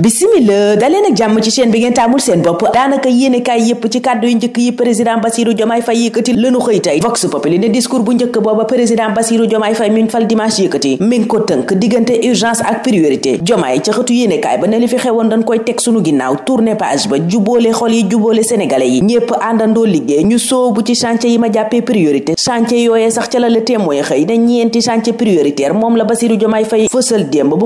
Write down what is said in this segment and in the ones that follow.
bisimila daleen ak jàmm ci chaîne bi ngeen taamul seen bopp daanaka yéenekaay yépp ci kàddu yu njëkk yi président Bassirou Diomaye Faye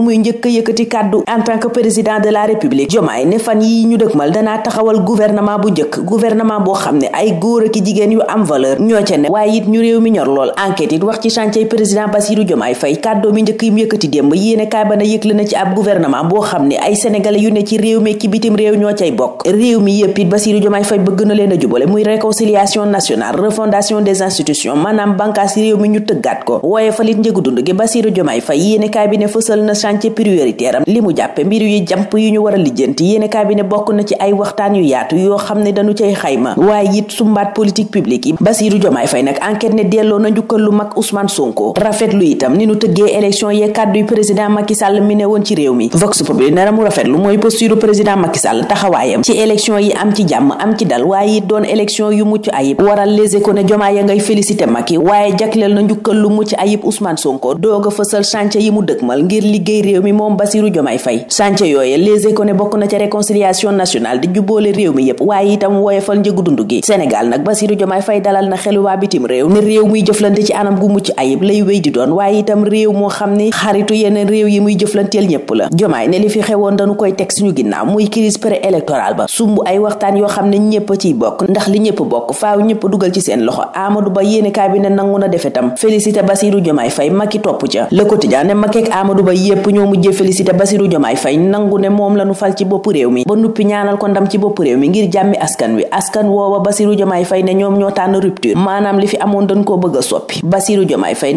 muy njëkk yëkkati kàddu en tant que président de la république jomaay ne fan yi ñu dëkmal danaa taxawal gouvernement bu njëkk gouvernement boo xam ne ay góor ak ki jigéen yu am valeur ñoo ca ne waaye it ñu réew mi ñor lool enquête it wax ci chantier président Bassirou Diomaye Faye kàddoo mi njëkk yim yëkkati démb yéene kaay ba na yëgle na ci ab gouvernement boo xam ne ay sénégalais yu ne ci réew mi ki bitim réew ñoo cay bokk réew mi yëpp it Bassirou Diomaye Faye bëgg na leen a jubale muy réconciliation nationale refondation des institutions maanaam bànkaas réew mi ñu tëggaat ko wooye falit njëgu dund gi Bassirou Diomaye Faye yéene kaay bi ne fësal na chantier prioritaire am li mu jàppe mbir yu jàmp jàpp yu ñu war a lijjanti yéenekaay bi ne bokk na ci ay waxtaan yu yaatu yoo xam ne dañu cay xayma waaye it sumbaat politique publique yi Basiru Jomaay Fay nag enquête ne delloo na njukkal lu mag Ousmane Sonko rafetlu itam ni nu tëggee élection yee kàddu yu président Macky Sall mi ne woon ci réew mi Vox Populi nara mu rafetlu mooy posture président Macky Sall taxawaayam ci élection yi am ci jàmm am ci dal waaye it doon élection yu mucc ayib waral Les Échos ne Jomaay ya ngay félicité Macky waaye jagleel na njukkal lu mucc ayib Ousmane sonkoo doog a fësal chantier yi mu mal ngir liggéey réew mi moom Basiru Jomaay Fay chantier yooye Les ko ne bokk na ca réconciliation nationale di jubboole réew mi yépp waaye itam woyefal njëgu dund gi Sénégal nag Bassirou Diomaye Faye dalal na xelu waa bitim réew ne réew muy jëflante ci anam gu mucc ayib lay wéy di doon waaye itam réew moo xam ni xaritu yeneen réew yi muy jëflanteel ñépp la Diomaye ne li fi xewoon dañu koy teg suñu ginnaaw muy crise pré-électorale ba sumb ay waxtaan yoo xam ne ñépp ciy bokk ndax li ñépp bokk faaw ñépp dugal ci seen loxo Amadou Ba yéenekaay bi ne nangu na defe tam félicité Bassirou Diomaye Faye Macky topp ca Le Quotidien ne Macky ak Amadou Ba yépp ñoo mujjee félicité Bassirou Diomaye fay nangu ne moom la nu fal ci bopp réew mi ba nuppi ñaanal ko ndam ci bopp réew mi ngir jàmmi askan wi askan woowa Basiru Jomaay Fay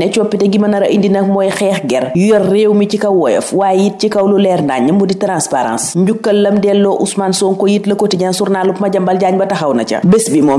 a soppi a indi nag mooy xeex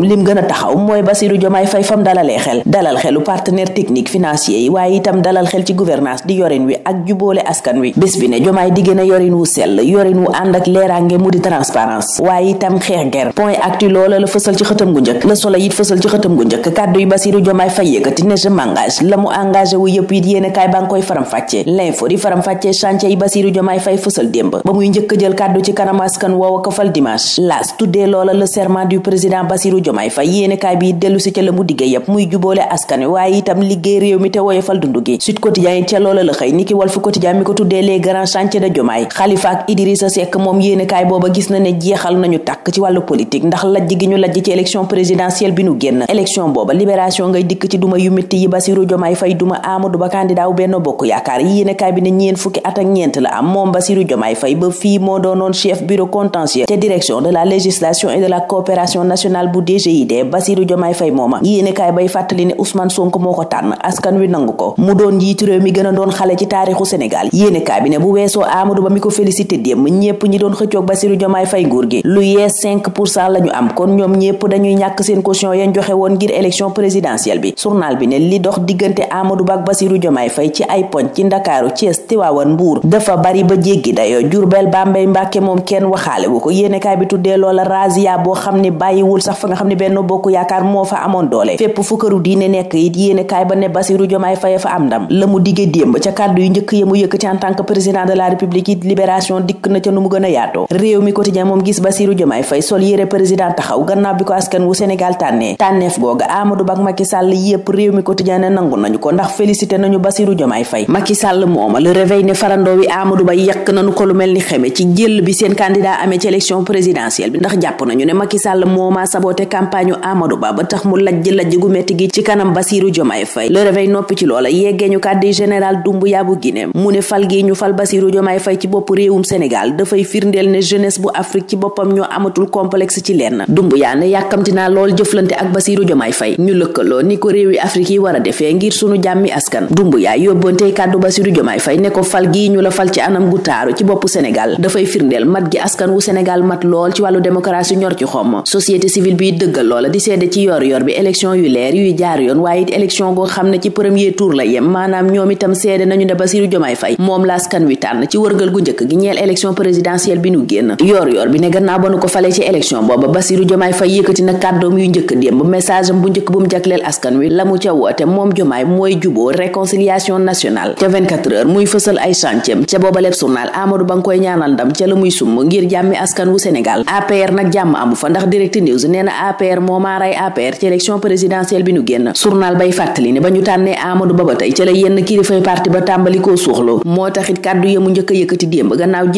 di a taxaw fam dalalee xel dalal xelu partenaire technique financier yi waaye itam dalal xel ci gouvernance di yorin wi ak juboole askan wi bés bi ne Jomaay digg na yorin wu sell yorin wu ànd ak leeraange mu di transparence waaye itam xeex ger point actu loola la fësal ci xëtam gu njëkk Le Soleil it fësal ci xëtam gu njëkk kàddu yi Bassirou Diomaye Faye yëkkati ne je yëpp it yéene kaay baa ngi koy faram-fàccee l'info di fàccee chantier yi Bassirou Diomaye Faye fësal démb ba muy njëkk jël kàddu ci kanam askan woowa ko fal dimanche laas tuddee loola le serment du président Bassirou Diomaye Faye yéene kaay bi dellu si ca la mu digge yëpp muy juboole askan waaye itam liggéey réew mi te woyofal dundu gi Sud Quotidien it ca loola la xëy ni ki Walf Quotidien mi ko Idrissa Seck moom yéenekaay booba gis na ne jeexal nañu tàkk ci wàllu politique ndax lajj gi ñu lajj ci élection présidentielle bi nu génn élection booba libération ngay dikk ci duma yu yi Bassirou Diomaye Faye duma am moom Bassirou bay fàttali ne Ousmane Sonko moo ko tànn askan wi nangu ko mu doon njiitu mi gën doon xale ci taarixu Sénégal yéenekaay bi ne bu weesoo Amadou Ba mi ko félicité ki démb ñépp ñi doon xëccoog Bassirou Diomaye Faye nguur gi lu yee pour cent la am kon ñoom ñépp dañuy ñàkk seen caution yañ joxe woon ngir élection présidentielle bi journal bi ne li dox diggante Amadou Ba ak Bassirou Diomaye Faye ci ay poñ ci Ndakaaru Thiès Tivaouane Mbuur dafa bari ba jéggi dayoo Jurbel Bambey Mbàkke moom kenn waxaale wu ko yéenekaay bi tuddee loola razia boo xam ne bàyyiwul sax fa nga xam ne Benno Bokk Yaakaar moo fa amoon doole fépp ya mu yëkk ci en tant que président de dikk na ca nu mu gën a yaatoo réew mi quotidien moom gis Bassirou Diomaye Faye sol yére président taxaw gannaaw bi ko askan wu Sénégal tànneef googa Amadou Ba ak Macky mooma le réveil ne farandoo wi Amadou Ba yàq nañu ko lu mel ni xeme ci jël bi seen candidat amee ci élection présidentielle bi ndax jàpp nañu ne Macky mooma saboté campagne Amadou Ba tax mu lajj lajj gu metti gi ci kanam Bassirou Diomaye Faye le réveil noppi ci loola yeggeeñu ñu fal Sénégal dafay firndeel ne jeunesse bu Afrique ci boppam ñoo amatul complexe ci lenn Dumbuya ne yàkkamti naa lool jëflante ak Basiru Jomaay Fay ñu lëkkaloo ni ko réewi Afrique yi war a defee ngir sunu jàmmi askan Dumbuya yóbbante kàddu Basiru Jomaay Fay ne ko fal gi ñu la fal ci anam gu taaru ci boppu Sénégal dafay firndeel mat gi askan wu Sénégal mat lool ci wàllu démocratie ñor ci xomm société civile bi dëggal loola di seede ci yor yor bi élection yu leer yuy jaar yoon waaye it élection goo xam ne ci premier tour la yem maanaam ñoom itam seede nañu ne Basiru Jomaay Fay moom la askan élection présidentielle bi nu génn yoor yoor bi ne gannaaw ba nu ko fale ci élection booba Bassirou Diomaye Faye yëkkati na kàddoom muy fësal ay chantier ca booba lépp journal Amadou Ba nga koy ñaanal ndam ca la muy sumb ngir jàmmi askan wu Sénégal APR nag jàmm amu fa ndax Direct News nee APR moo maaray APR ci élection présidentielle bi nu génn journal bay fàttali ne ba ñu tànnee Amadou Ba ba tey ca la yenn kilifay parti ba tàmbali koo suuxloo moo taxit kàddu yamu njëkk a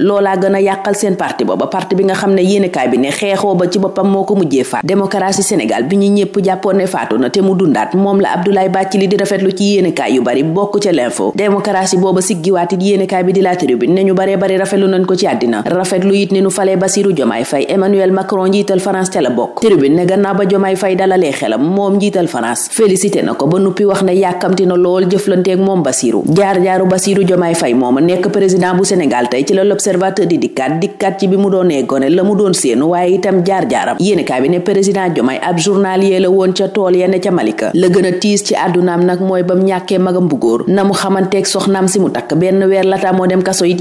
loolaa gën a yàqal seen parti ba parti bi nga xam ne yéenekaay bi ne xeexoo ba ci boppam moo ko mujjee faat démocratie Sénégal bi ñu ñëpp jàppoon ne faatu na te mu dundaat moom la Abdoulaye li di lu ci yéenekaay yu bari bokk ca l'info démocratie booba siggiwaat it yéenekaay bi di la tribune ne ñu baree bari rafetlu nañ ko ci àddina rafetlu it ne nu falee Bassirou Diomaye Faye Emmanuel Macron njiital France te la bokk tribune ne gannaaw ba Diomaye Faye dalalee xelam moom njiital France félicité na ko ba nuppi wax ne yàkkamti na lool jëflanteeg moom Bassirou jaar jaaru Bassirou Diomaye Faye mooma nekk président Sénégal l'observateur di dikkaat dikkaat ci bi mu doonee gone la mu doon séenu waaye itam jaar-jaaram yéenekaay bi ne président Diomaye ab journalier la woon ca tool ya ca a tiis ci bu góor na mu xamanteeg soxnaam si mu takk benn weer lataa moo dem kaso it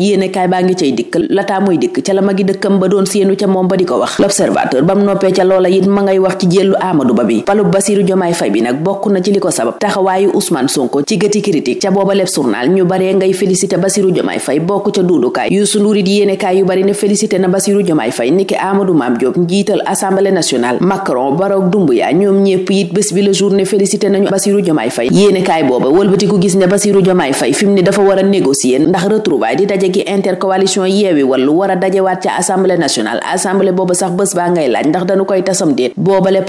la magi dëkkam ba doon séenu ca moom ba di ko wax l'observateur bam noppee ca loola it ma ngay wax ci jéllu Amadou bi palub Basiru Diomaye Faye bi nag bokk na ci li ko sabab taxawaayu Ousmane Sonko ci gëti critique ca booba leb journal ñu baree ngay félicité Basiru Diomaye Faye bokk ca duudukaay Youssou luurit yéenekaay yu na Bassirou Diomaye Faye niki Amadou Mame Diop bi le jour ne félicité nañu Bassirou Diomaye Faye yéenekaay booba wëlbati ku gis ne Bassirou a négocier ndax retrouvaille di daje gi intercoalition yeewi wallu war a dajewaat ca assemblée nationale assemblée booba sax bés baa ngay laaj ndax dañu koy tasam déet boobale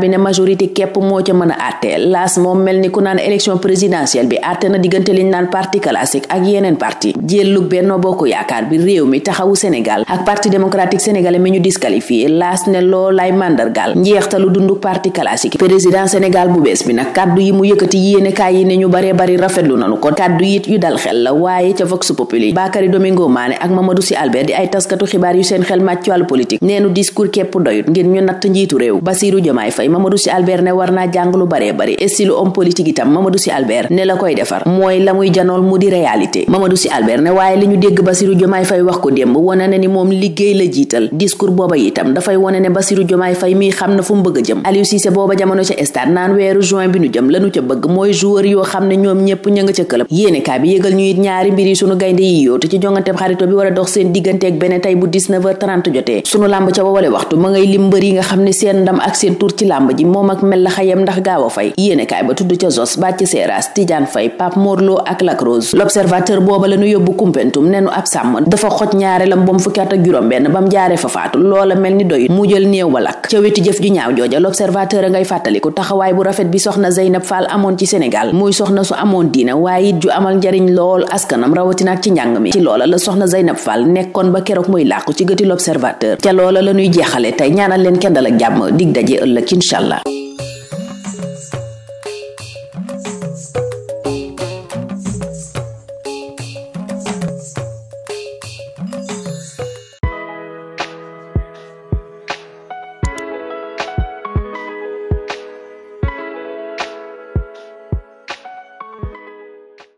bi ne majorité képp moo ca mën a àtte laas moom mel ni ku naan élection présidentielle bi àtte na diggante liñ naan parti classique ak yeneen parti jëllug Benno Bokk Yaakaar Dakar bi réew mi taxawu Sénégal ak parti démocratique sénégalais mi ñu disqualifié laas ne loolay màndargaal njeextalu dundu parti classique président Sénégal bu bees bi nag kàddu yi mu yëkkati yéenekaay yi ne ñu baree bari rafetlu nanu ko kàddu yit yu dal xel la waaye ca Vox Populi Bakary Domingo Mané ak Mamadou Sy Albert di ay taskatu xibaar yu seen xel màcc ci neenu discours képp doyut ngir ñu natt njiitu réew Basirou Diomaye Faye Mamadou Sy Albert jomaay fay wax ko démb wone na ni moom liggéey la jiital discours booba itam dafay wone ne basiru jomaay fay mi xam na fu mu bëgg a jëm Aliou Cissé booba jamono ca këlëb yéenekaay bi yëgal ñu ñaari mbir yi sunu gaynde yi yóotu ci jongante xarito bi war a dox seen digganteeg benn tey bu 19 h jotee sunu làmb ca wawale waxtu ma ngay lim yi nga xam ne seen ndam ak seen tur ci làmb ji moom ak mel la xayam ndax gaaw a fay amoon dafa xoj ñaare lam mu fukki at ak juróom-benn ba mu jaaree fa faatu loola mel ni doyut mu jël néew ba lakk ca wetu jëf ju ñaaw jooja l'observateur a ngay fàttaliku taxawaay bu rafet bi soxna Zeynab Fall amoon ci Sénégal muy soxna su amoon diina waaye it ju amal njariñ lool askanam rawatina ci njàng mi ci loola la soxna Zeynab Fall nekkoon ba keroog muy làqu ci gëti l'observateur ca loola la ñuy jeexale tey ñaanal leen kenn dala jàmm dig daje ëllëg incha allah